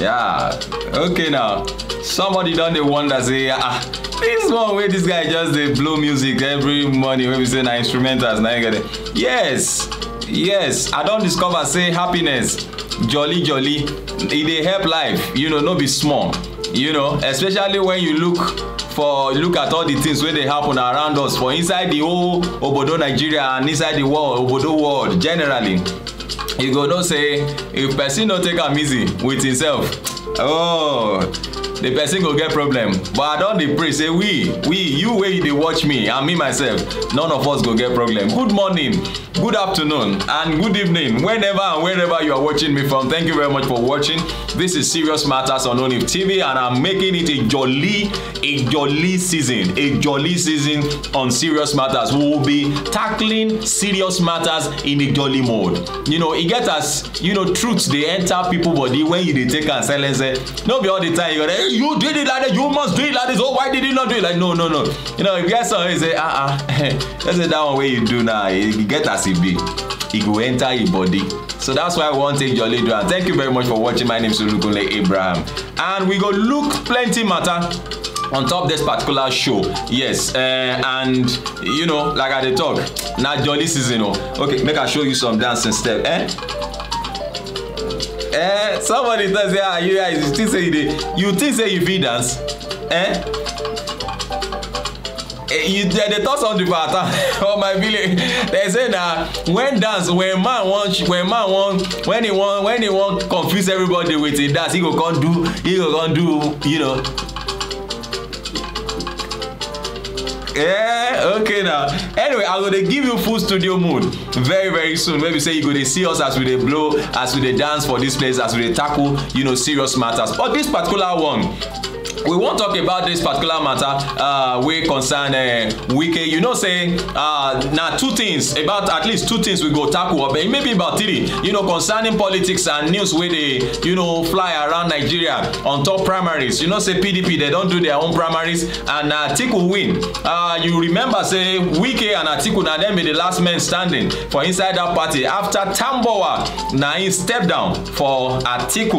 yeah okay now somebody don dey wonder say ah this one wey this guy just dey blow music every morning wey be say na instrumentals na him get it yes yes i don discover say happiness jolly jolly e dey help life you know no be small you know especially when you look for look at all the things wey dey happen around us for inside the whole obodo nigeria and inside the world obodo world generally you go know say if person no take am easy with himself oh the person go get problem but i don dey pray say we we you wey you dey watch me and me myself none of us go get problem good morning good afternoon and good evening whenever and wherever you are watching me from thank you very much for watching this is serious matters on onif tv and i'm making it a jolly a jolly season a jolly season on serious matters we will be tackling serious matters in a jolly mode you know e get as you know truth dey enter people body when you dey take am silence eh? no be all the time you go dey eh, you did it like that you must do it like this oh why did you not do it like no no no you know e get some wey say ah ah let's say that one wey you do now e get as as e be e go enter e body so that's why I wan take jolly do am thank you very much for watching my name is olukunle abraham and we go look plenty matter on top this particular show yes uh, and you know like i dey talk na jolly season o oh. okay make i show you some dancing step eh eh somebody tell say ah you guys ah, you think say you dey you think say you fit dance eh Eh, you dem dey talk something for ata for my village dem say na when dance when man wan when man wan when he wan when he wan confuse everybody with him dance he go come do he go come do you know. Yeah, okay now. Anyway, I'm gonna give you full studio mood very very soon. Maybe say you go dey see us as we dey blow, as we dey dance for this place, as we dey tackle, you know, serious matters. But this particular one, we wan talk about this particular matter uh, wey concern uh, wike you know say uh, na two things about at least two things we go tackle up. or maybe about three you know concerning politics and news wey dey you know fly around nigeria on top primaries you know say pdp dey don do their own primaries and na atiku win uh, you remember say wike and atiku na dem be the last men standing for inside that party after tambowa na him step down for atiku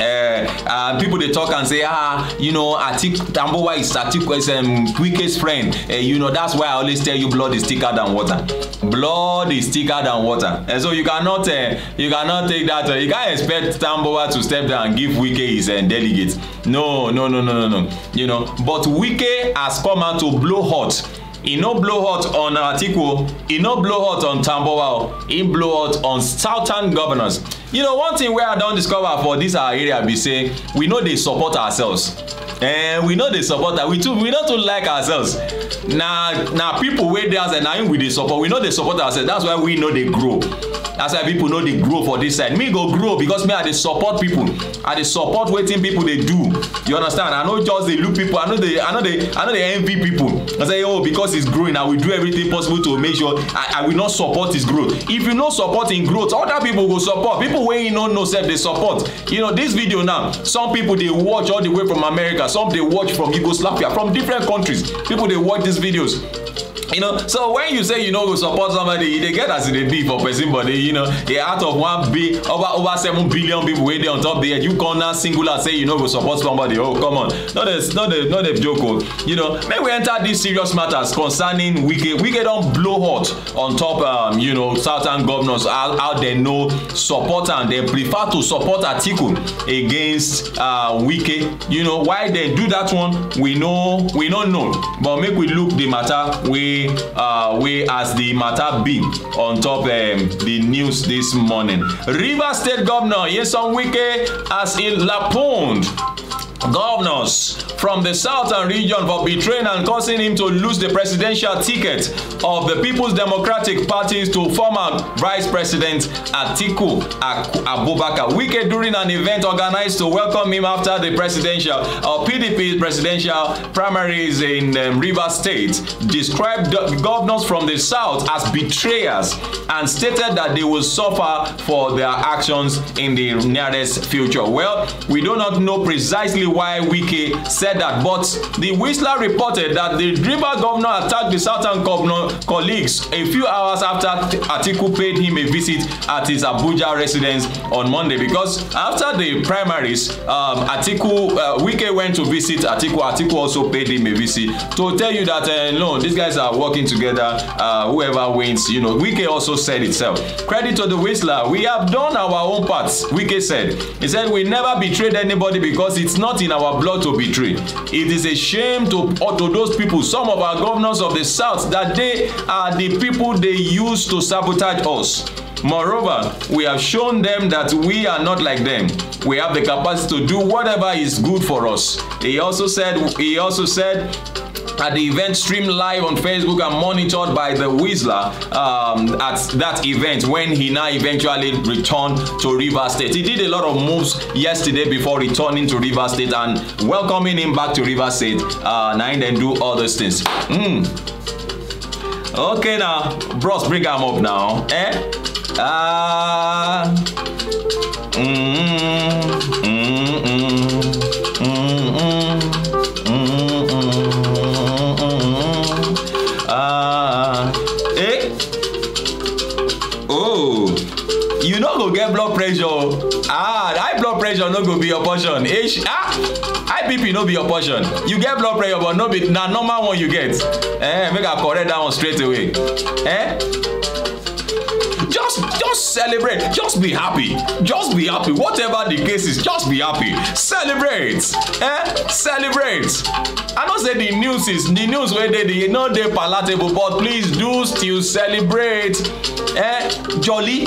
uh, uh, people dey talk and say ah you know atik tambowa is atiku is um, quickest friend uh, you know that's why i always tell you blood is thicker than water blood is thicker than water and eh, so you cannot uh, you cannot take that uh, you can't expect tambowa to step down and give wike his uh, delegate no no no no no no you know but wike has come out to blow hot e no blow hot on atiku e no blow hot on tambowa e blow hot on southern governors you know one thing wey i don discover for this our area be say we no dey support ourselves eh we no dey support we too we no too like ourselves na na people wey dey outside na im we dey support we no dey support ourselves that's why we no dey grow that's why people no dey grow for this side me go grow because me i dey support people i dey support wetin people dey do you understand i no just dey look people i no dey i no dey i no dey envy people i say oh because he's growing i will do everything possible to make sure i i will not support his growth if you no support him growth other people go support people wey you no know sef dey support you know this video now some people dey watch all the way from america some dey watch from yugoslavia from different countries people dey watch these videos you know so when you say you no go support somebody you e dey get as e dey be for person body you know e out of one bi over over seven billion people wey dey on top there you come now singular say you no go support somebody oh come on no dey no dey no dey joke o oh. you know make we enter these serious matters concerning wike wike don blow hot on top um, you know southern governors how how dem no support am dem prefer to support atiku against uh, wike you know why dem do that one we no we no know but make we look the matter wey way uh, way as the matter be on top um, the news this morning. Rivers State Governor Nyesom Wike has in Lapond governors from the southern region for betraying and causing him to lose the presidential ticket of the People's Democratic Party to former Vice President Atiku Abubakar. Wike during an event organized to welcome him after the presidential or PDP presidential primaries in um, Rivers State described governors from the south as betrayers and stated that they will suffer for their actions in the nearest future. Well, we do not know precisely why Wike said that. But the Whistler reported that the River governor attacked the Southern governor colleagues a few hours after Atiku paid him a visit at his Abuja residence on Monday because after the primaries, um, Atiku uh, Wike went to visit Atiku. Atiku also paid him a visit to tell you that uh, no, these guys are working together. Uh, whoever wins, you know. Wike also said itself. Credit to the Whistler. We have done our own parts. Wike said. He said we never betrayed anybody because it's not in our blood to betray. It is a shame to, uh, to those people, some of our governors of the South, that they are the people they use to sabotage us. Moreover, we have shown them that we are not like them. We have the capacity to do whatever is good for us. He also said, he also said, at the event streamed live on Facebook and monitored by the Whistler um, at that event when he now eventually returned to River State. He did a lot of moves yesterday before returning to River State and welcoming him back to River State. Uh, now and then do all those things. Mm. Okay now, bros, bring him up now. Eh? Uh, mm, mm. high blood pressure ah high blood pressure no go be your portion h ah high bp no be your portion you get blood pressure but no be na normal one you get eh make i correct that one straight away eh just just celebrate just be happy just be happy whatever the case is just be happy celebrate eh celebrate i know say the news is the news wey dey dey e no dey palatable but please do still celebrate eh jolly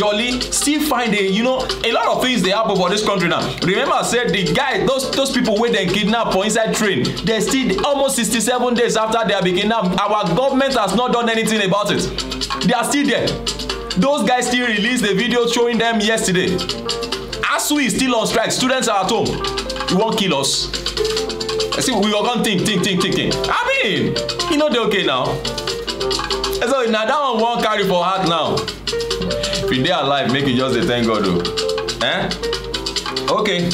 jolly still find a you know a lot of things dey happen for this country now remember say the guy those those people wey dem kidnap for inside train dey still almost sixty-seven days after they begin now our government has not done anything about it they are still there those guys still release the video showing them yesterday asu is still on strike students are at home you wan kill us i see we go come think think think think think i mean e no dey okay now so na that one we wan carry for heart now if you dey alive make you just dey thank god o oh. eh okay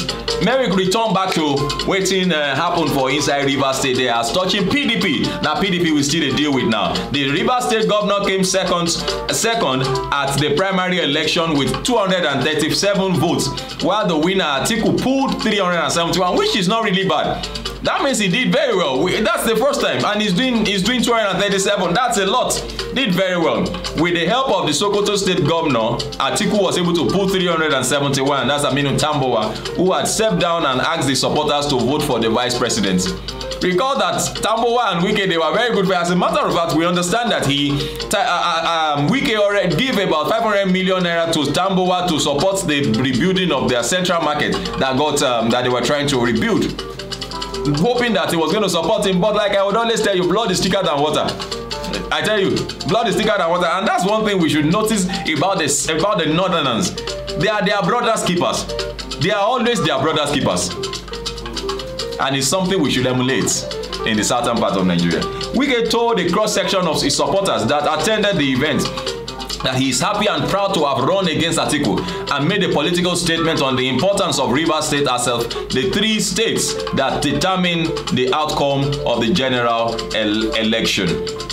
merrick return back to wetin uh, happen for inside rivers state there as touching pdp na pdp we still dey deal with now di rivers state govnor came second second at di primary election with 237 votes while di winner atiku pulled 371 which is not really bad That means he did very well. We, that's the first time, and he's doing he's doing 237. That's a lot. Did very well. With the help of the Sokoto State Governor, Atiku was able to pull 371. That's Aminu Tambowa, who had stepped down and asked the supporters to vote for the vice president. Recall that Tambowa and Wike they were very good players. As a matter of fact, we understand that he uh, uh, um, Wike already gave about 500 million naira to Tambowa to support the rebuilding of their central market that got um, that they were trying to rebuild hoping that he was going to support him but like i would always tell you blood is thicker than water i tell you blood is thicker than water and that's one thing we should notice about this about the northerners they are their brothers keepers they are always their brothers keepers and it's something we should emulate in the southern part of nigeria wike told a cross section of his supporters that attended the event that he is happy and proud to have run against Atiku and made a political statement on the importance of Rivers State itself, the three states that determine the outcome of the general el election.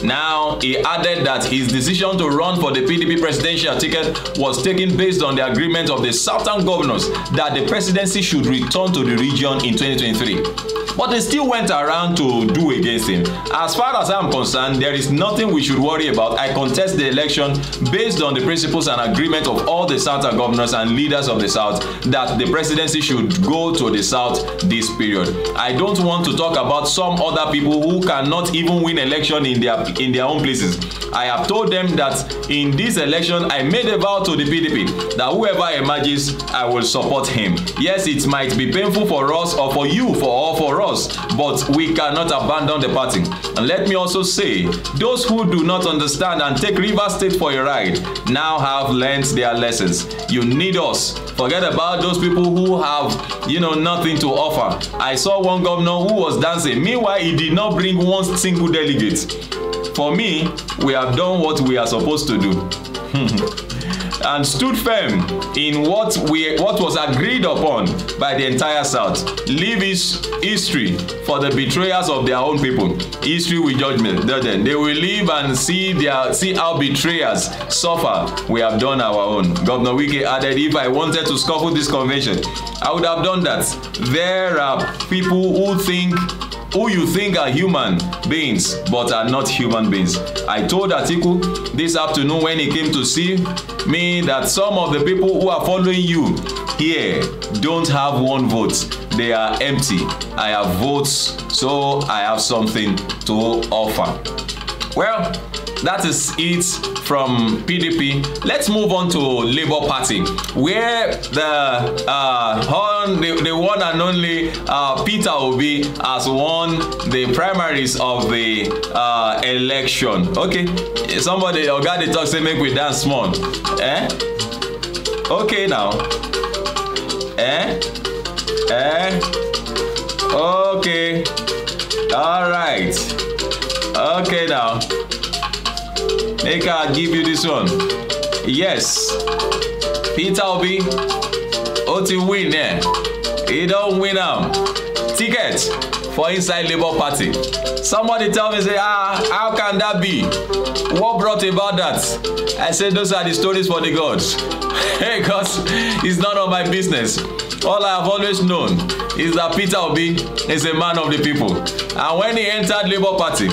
Now, he added that his decision to run for the PDP presidential ticket was taken based on the agreement of the southern governors that the presidency should return to the region in 2023. But they still went around to do against him. As far as I'm concerned, there is nothing we should worry about. I contest the election based based on the principles and agreement of all the Southern governors and leaders of the South that the presidency should go to the South this period. I don't want to talk about some other people who cannot even win election in their in their own places. I have told them that in this election I made a vow to the PDP that whoever emerges I will support him. Yes, it might be painful for us or for you for all for us, but we cannot abandon the party. And let me also say, those who do not understand and take River State for a ride side now have learned their lessons. You need us. Forget about those people who have, you know, nothing to offer. I saw one governor who was dancing. Meanwhile, he did not bring one single delegate. For me, we have done what we are supposed to do. and stood firm in what we what was agreed upon by the entire South. Leave his history for the betrayers of their own people. History with judgment. Then they will live and see their see how betrayers suffer. We have done our own. Governor Wike added, if I wanted to scuffle this convention, I would have done that. There are people who think who you think are human beings but are not human beings. I told Atiku this afternoon when he came to see me that some of the people who are following you here don't have one vote. They are empty. I have votes, so I have something to offer. Well, that is it from PDP. Let's move on to Labour Party, where the uh, on, the, the one and only uh, Peter Obi has won the primaries of the uh, election. Okay, somebody or guy they talk say make we dance small. Eh? Okay now. Eh? Eh? Okay. All right. Okay now. Make I give you this one. Yes. Peter Obi. O ti win eh. He don win am. Ticket for inside Labour Party. Somebody tell me say ah how can that be? What brought about that? I say those are the stories for the gods. hey, cause it's none of my business all I have always known is that Peter Obi is a man of the people. And when he entered Labour Party,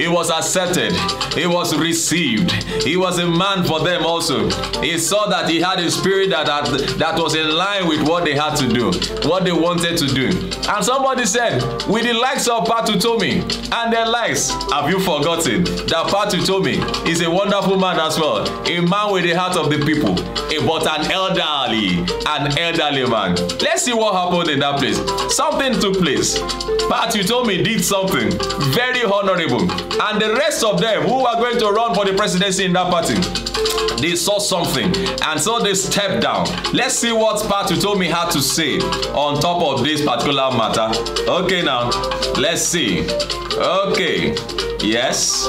he was accepted, he was received, he was a man for them also. He saw that he had a spirit that, that, that was in line with what they had to do, what they wanted to do. And somebody said, with the likes of Patutomi and their likes, have you forgotten that Patutomi is a wonderful man as well, a man with the heart of the people, a, but an elderly, an elderly man. Let's see what happened in that place. Something took place. Pat, you told me, did something very honorable. And the rest of them who were going to run for the presidency in that party, they saw something. And so they stepped down. Let's see what Pat, you told me, had to say on top of this particular matter. Okay, now, let's see. Okay. Yes.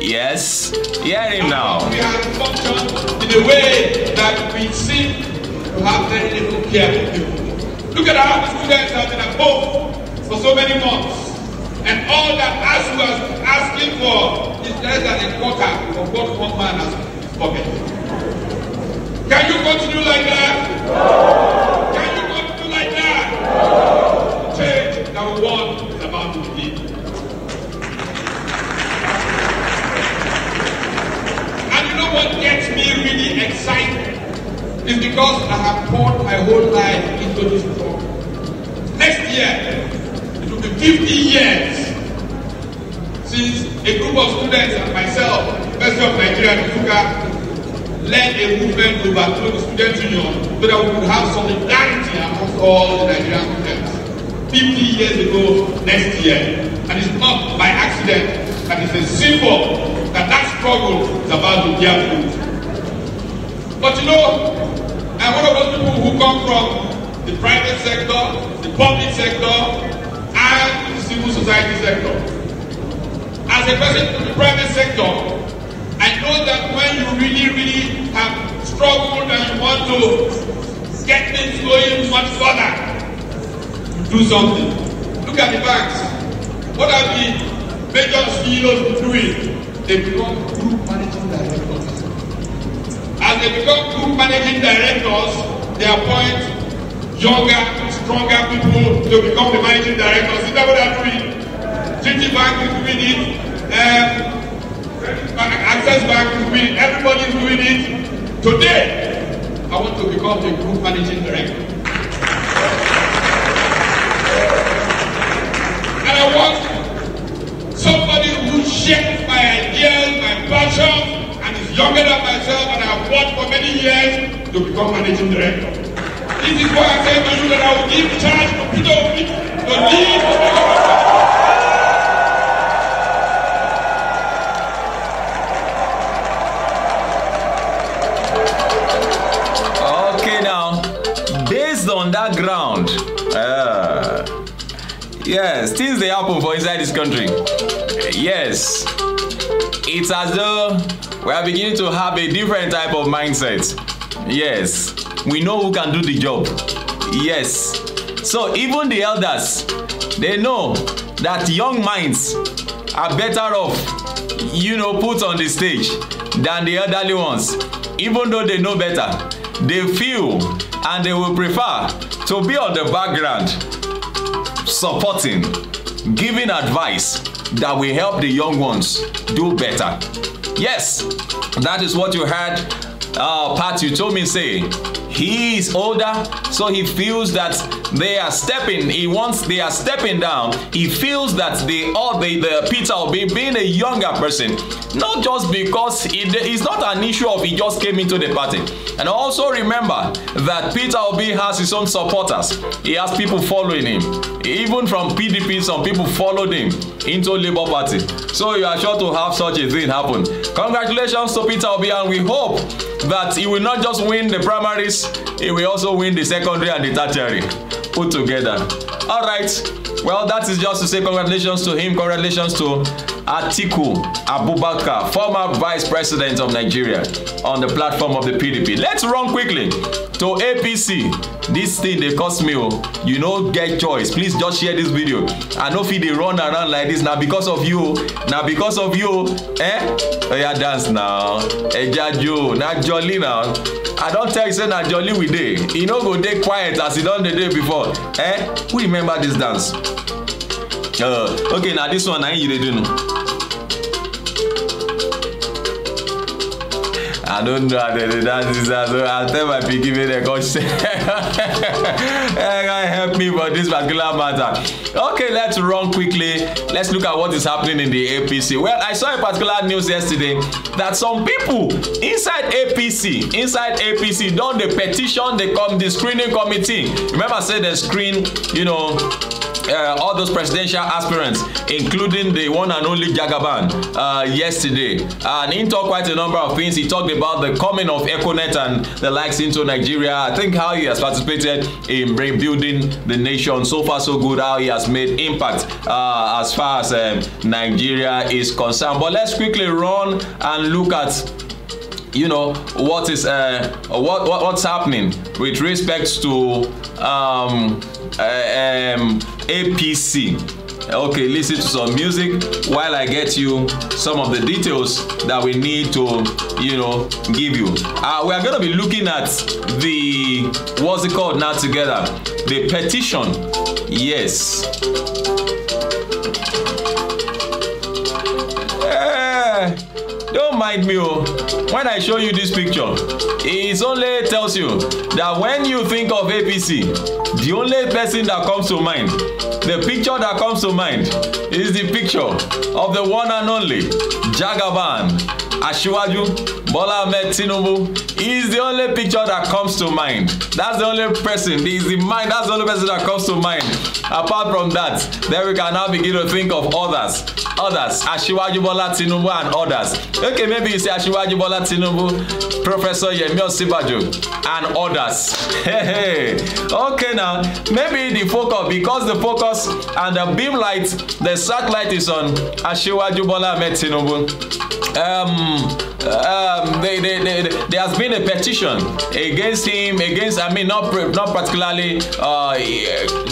Yes. Hear him now. We have functioned in a way that we seem to have very little care for people. Look at how the students have been at home for so many months. And all that ASU has been asking for is less than a quarter of what one man has pocket. Can you continue like that? No. Can you continue like that? No. Change that we want is about to begin. And you know what gets me really excited? Is because I have poured my whole life into this next year, it will be 50 years since a group of students and myself, University of Nigeria, Nfuka, led a movement to overthrow the student union so that we could have solidarity amongst all the Nigerian students. 50 years ago, next year. And it's not by accident that it's a symbol that that struggle is about to be fruit. But you know, I'm one of those people who come from the private sector, the public sector, and the civil society sector. As a person from the private sector, I know that when you really, really have struggled and you want to get things going much further, you do something. Look at the banks. What are the major CEOs doing? They become group managing directors. As they become group managing directors, they appoint younger, stronger people to become the managing director. See that what i GT Bank is doing it. Um, Access Bank is doing it. Everybody is doing it. Today, I want to become the group managing director. And I want somebody who shares my ideas, my passion, and is younger than myself, and I've worked for many years to become managing director. This is why I Ilikuwa sema yule na ujibu chaji kupita ujibu ujibu Okay, now, based on that ground, uh, yes, things they happen for inside this country. Yes, it's as though we are beginning to have a different type of mindset. Yes. we know who can do the job yes so even the elders they know that young minds are better off you know put on the stage than the elderly ones even though they know better they feel and they will prefer to be on the background supporting giving advice that will help the young ones do better yes that is what you heard uh, Pat, you told me, say, he is older, so he feels that they are stepping, he wants, they are stepping down. He feels that they all, the, the Peter Obi being a younger person, not just because it is not an issue of he just came into the party. And also remember that Peter Obi has his own supporters. He has people following him. Even from PDP, some people followed him into Labour Party. So you are sure to have such a thing happen. Congratulations to Peter Obi and we hope that he will not just win the primaries, he will also win the secondary and the tertiary put together. All right. Well, that is just to say congratulations to him, congratulations to Atiku Abubakar, former vice president of Nigeria, on the platform of the PDP. Let's run quickly to APC. This thing they cost me, oh, you know, get choice. Please just share this video. I know if they run around like this now because of you, now because of you, eh? Oh yeah, dance now. Ejajo, now jolly now. I don't tell you say na jolly we dey. You e know, go day quiet as you e done the day before. Eh? Who remember this dance? uh, okay na this one na you dey do no i don't know how dem dey dance this dance so i tell my pikin make dem come share come help me for this particular matter okay let's run quickly let's look at what is happening in the apc well i saw a particular news yesterday that some people inside apc inside apc don dey petition dey come the screening committee remember say dem screen you know uh, all those presidential aspirants, including the one and only Jagaban, uh, yesterday. And he talked quite a number of things. He talked about the coming of Econet and the likes into Nigeria. I think how he has participated in rebuilding the nation. So far, so good. How he has made impact uh, as far as um, Nigeria is concerned. But let's quickly run and look at you know what is uh, what, what what's happening with respect to um, uh, um, APC okay listen to some music while i get you some of the details that we need to you know give you uh, we are going to be looking at the what's it called now together the petition yes mind me o oh. when i show you this picture it only tells you that when you think of apc the only person that comes to mind the picture that comes to mind is the picture of the one and only jagaban asiwaju Bola Ahmed Tinubu is the only picture that comes to mind. That's the only person. He's the mind. That's the only person that comes to mind. Apart from that, then we can now begin to think of others. Others. Ashiwaju Bola Tinubu and others. Okay, maybe you say Ashiwaju Bola Tinubu, Professor Yemi Osibajo, and others. Hey, hey. Okay, now, maybe the focus, because the focus and the beam light, the satellite is on Ashiwaju Bola Ahmed Tinubu. Um, um, um, they, they, they, there has been a petition against him, against, I mean, not, not particularly, uh,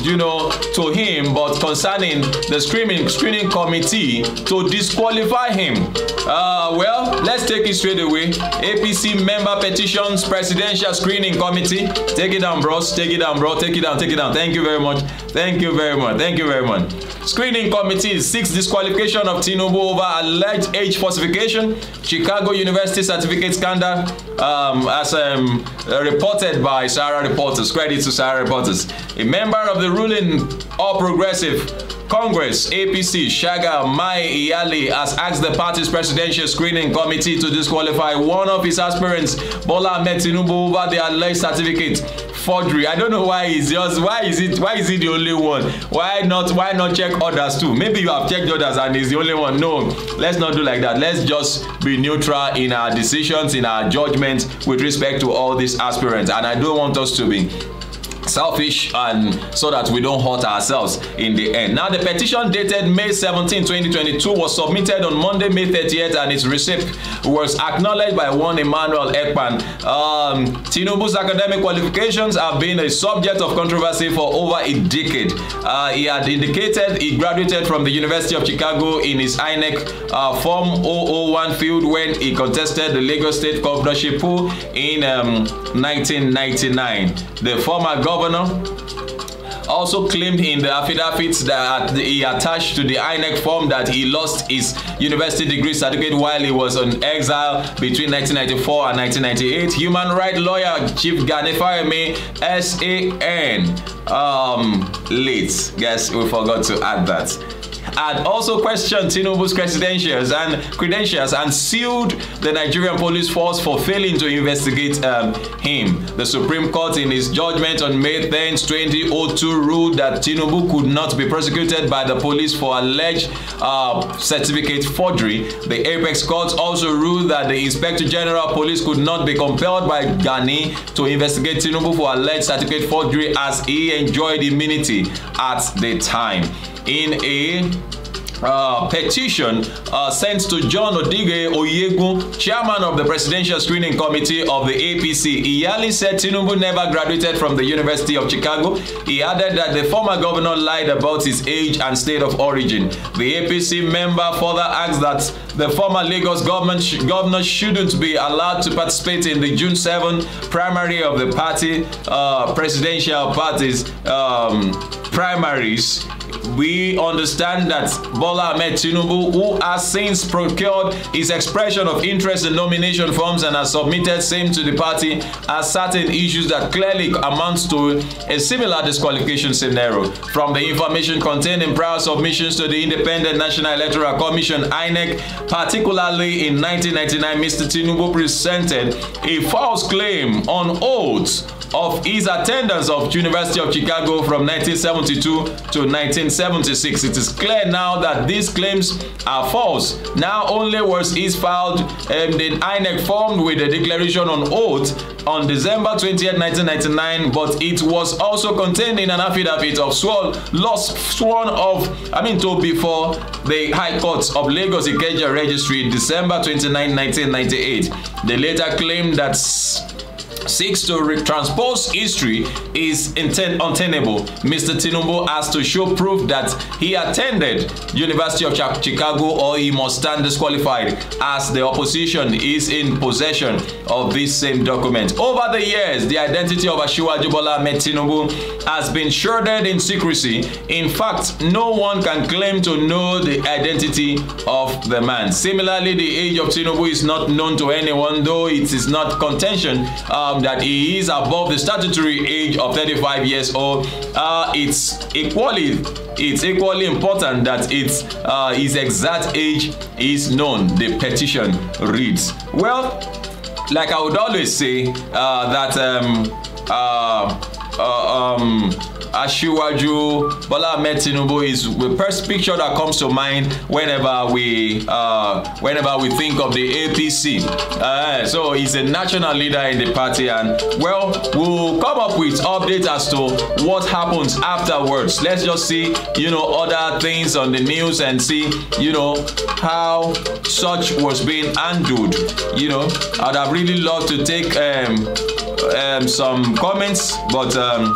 you know, to him, but concerning the screening, screening committee to disqualify him Uh, well, let's take it straight away. APC member petitions, presidential screening committee. Take it down, bros. Take it down, bro. Take it down. Take it down. Thank you very much. Thank you very much. Thank you very much. Screening committee seeks disqualification of Tinubu over alleged age falsification, Chicago University certificate scandal, um, as um, reported by Sarah reporters. Credit to Sarah reporters. A member of the ruling All Progressive Congress, APC, Shaga Mai Iyali has asked the party's presidential screening committee to disqualify one of his aspirants, Bola Metinubu, over the alleged certificate forgery. I don't know why is yours. Why is it? Why is he the only one? Why not? Why not check others too? Maybe you have checked others and it's the only one. No, let's not do like that. Let's just be neutral in our decisions, in our judgments with respect to all these aspirants. And I don't want us to be selfish and so that we don't hurt ourselves in the end. Now the petition dated May 17, 2022 was submitted on Monday, May 30th and its receipt was acknowledged by one Emmanuel Ekpan. Um, Tinubu's academic qualifications have been a subject of controversy for over a decade. Uh, he had indicated he graduated from the University of Chicago in his INEC uh, Form 001 field when he contested the Lagos State governorship in um, 1999. The former governor governor also claimed in the affidavit that he attached to the INEC form that he lost his university degree certificate while he was on exile between 1994 and 1998. Human rights lawyer Chief Ganifayemi S.A.N. Um, late. Guess we forgot to add that had also questioned Tinubu's credentials and credentials and sued the Nigerian police force for failing to investigate um, him. The Supreme Court, in its judgment on May 10, 2002, ruled that Tinubu could not be prosecuted by the police for alleged uh, certificate forgery. The Apex Court also ruled that the Inspector General Police could not be compelled by Gani to investigate Tinubu for alleged certificate forgery as he enjoyed immunity at the time. in a uh, petition uh, sent to John Odige Oyegun, chairman of the Presidential Screening Committee of the APC. Iyali said Tinubu never graduated from the University of Chicago. He added that the former governor lied about his age and state of origin. The APC member further asked that the former Lagos government sh governor shouldn't be allowed to participate in the June 7 primary of the party, uh, presidential parties um, primaries we understand that Bola Ahmed Tinubu, who has since procured his expression of interest in nomination forms and has submitted same to the party, has certain issues that clearly amounts to a similar disqualification scenario. From the information contained in prior submissions to the Independent National Electoral Commission, INEC, Particularly in 1999, Mr. Tinubu presented a false claim on oath of his attendance of University of Chicago from 1972 to 1976. It is clear now that these claims are false. Now only was his filed um, the INEC formed with a declaration on oath on December 20, 1999, but it was also contained in an affidavit of sworn, lost sworn of, I mean, to before the High Courts of Lagos, Ikeja, Registry December 29, 1998. They later claimed that seeks to retranspose history is untenable. Mr. Tinubu has to show proof that he attended University of Chicago or he must stand disqualified as the opposition is in possession of this same document. Over the years, the identity of Ashua Jubola Metinubu Tinubu has been shrouded in secrecy. In fact, no one can claim to know the identity of the man. Similarly, the age of Tinubu is not known to anyone, though it is not contention uh, um, that he is above the statutory age of 35 years old, uh, it's equally it's equally important that it's uh, his exact age is known. The petition reads. Well, like I would always say uh, that um, uh, uh, um, Ashiwaju Bola Ahmed Tinubu is the first picture that comes to mind whenever we uh, whenever we think of the APC. Uh, so he's a national leader in the party, and well, we'll come up with updates as to what happens afterwards. Let's just see, you know, other things on the news and see, you know, how such was being handled. You know, I'd have really loved to take um, um, some comments, but. Um,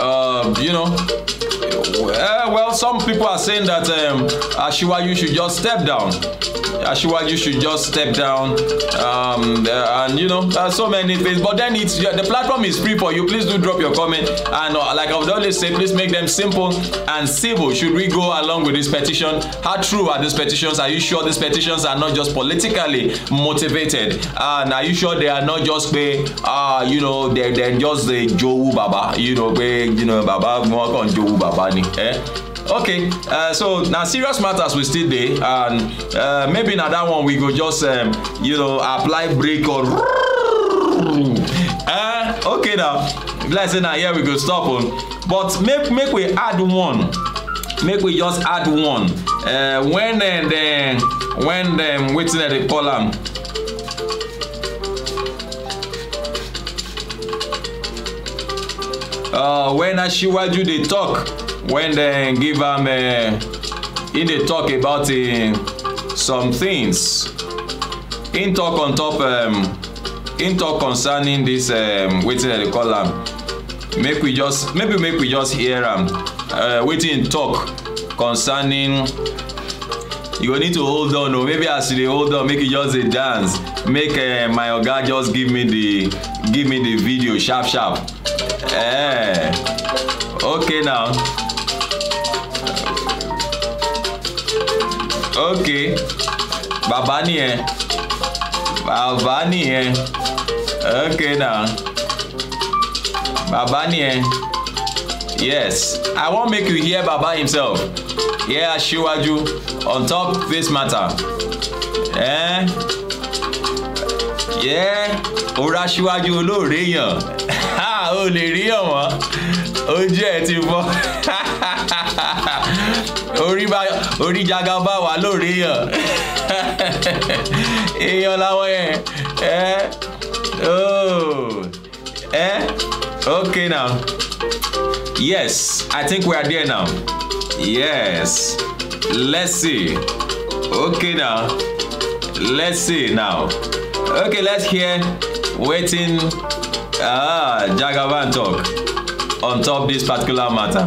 Uh, you know, uh, well, some people are saying that um, Ashiwayu should just step down. Ashiwaju should just step down. Um, uh, and you know, uh, so many things. But then it's the platform is free for you. Please do drop your comment. And uh, like I've always said, please make them simple and civil. Should we go along with this petition? How true are these petitions? Are you sure these petitions are not just politically motivated? And are you sure they are not just pay, uh, you know, they, they're just the Jowu Baba, you know, pay, you know, Baba, more on Jowu Baba. Eh? okay uh, so na serious matters we still dey and uh, maybe na that one we go just um, you know apply brake or. Uh, okay now be like say na here we go stop o but make make we add one make we just add one uh, when uh, dem when dem wetin dem dey call am uh, when aṣiwaju dey talk when they give am e dey talk about some things him talk on top him talk concerning dis wetin dem dey call am make we just maybe make we just hear am eh, wetin him talk concerning you go need to hold on o oh, maybe as you dey hold on make you just dey dance make eh, my oga just give me the give me the video sharp sharp eh okay now ok Baba nìyẹn bàbá nìyẹn ok now bàbá nìyẹn yes i wan make you hear Baba himself hear yeah, aṣíwájú on top this matter. Eh? Yeah, òra aṣíwájú olóore Ha, ó lè rí ọ̀wọ́n ojú ẹ̀ ti bọ́. orí jagaba wà lóore yàn èèyàn làwọn yẹn ẹ ẹ okay now yes i think we are there now yes let's see okay now let's see now okay let's hear wetin ah jagaban talk on top this particular matter.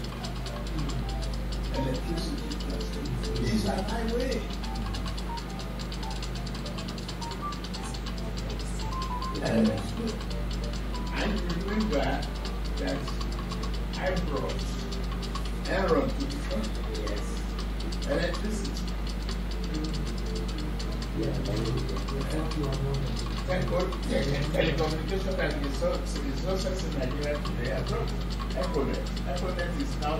These are my way. And I remember that I brought Aaron to the country. Yes. Electricity. Yeah, Thank God, and telecommunication and resources in Nigeria today are not. Econet. Econet is now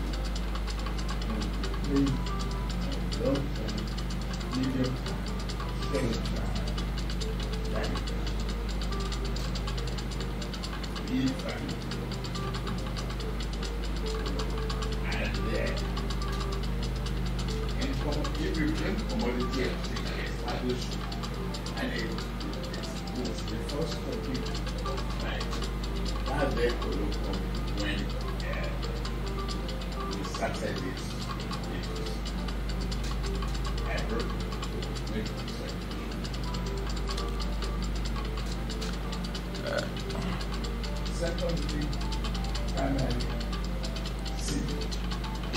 Egypt, Egypt, And then, and from Egyptian commodity established, and was the first copy of that, that they when uh, we started this.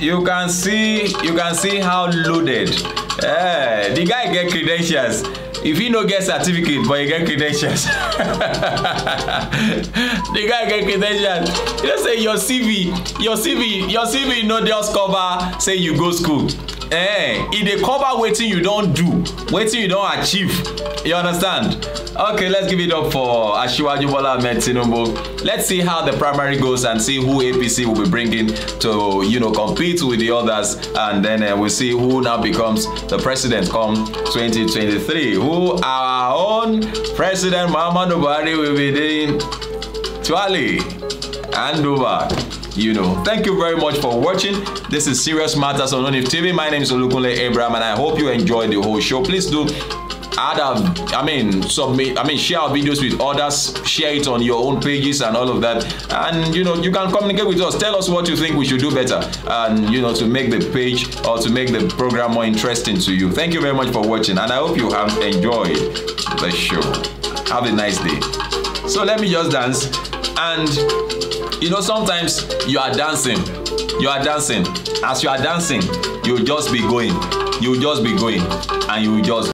you can see you can see how loaded eh the guy get credentials if he no get certificate but he get credentials the guy get credentials you know say your cv your cv your cv no just cover say you go school eh e dey cover wetin you don do wetin you don achieve you understand Okay, let's give it up for Ashiwaju Bola Ahmed Tinubu. Let's see how the primary goes and see who APC will be bringing to, you know, compete with the others. And then uh, we'll see who now becomes the president come 2023. Who our own President Muhammad Buhari will be doing Twali and Dubai you know. Thank you very much for watching. This is Serious Matters on Onif TV. My name is Olukunle Abraham and I hope you enjoyed the whole show. Please do add our, I mean, submit, I mean, share our videos with others, share it on your own pages and all of that. And, you know, you can communicate with us. Tell us what you think we should do better and, you know, to make the page or to make the program more interesting to you. Thank you very much for watching and I hope you have enjoyed the show. Have a nice day. So let me just dance and, you know, sometimes you are dancing, you are dancing. As you are dancing, you'll just be going, You'll just be going and you'll just